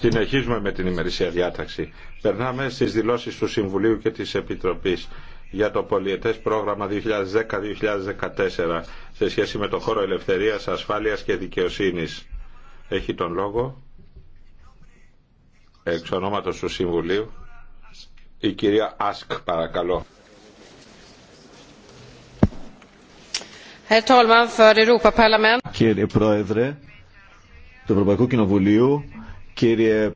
Συνεχίζουμε με την ημερησία διάταξη. Περνάμε στις δηλώσεις του Συμβουλίου και της Επιτροπής για το πολιετές πρόγραμμα 2010-2014 σε σχέση με το χώρο ελευθερίας, ασφάλειας και δικαιοσύνης. Έχει τον λόγο εξ ονόματος του Συμβουλίου η κυρία Άσκ παρακαλώ. Κύριε Πρόεδρε, του Ευρωπαϊκού Κοινοβουλίου, κύριε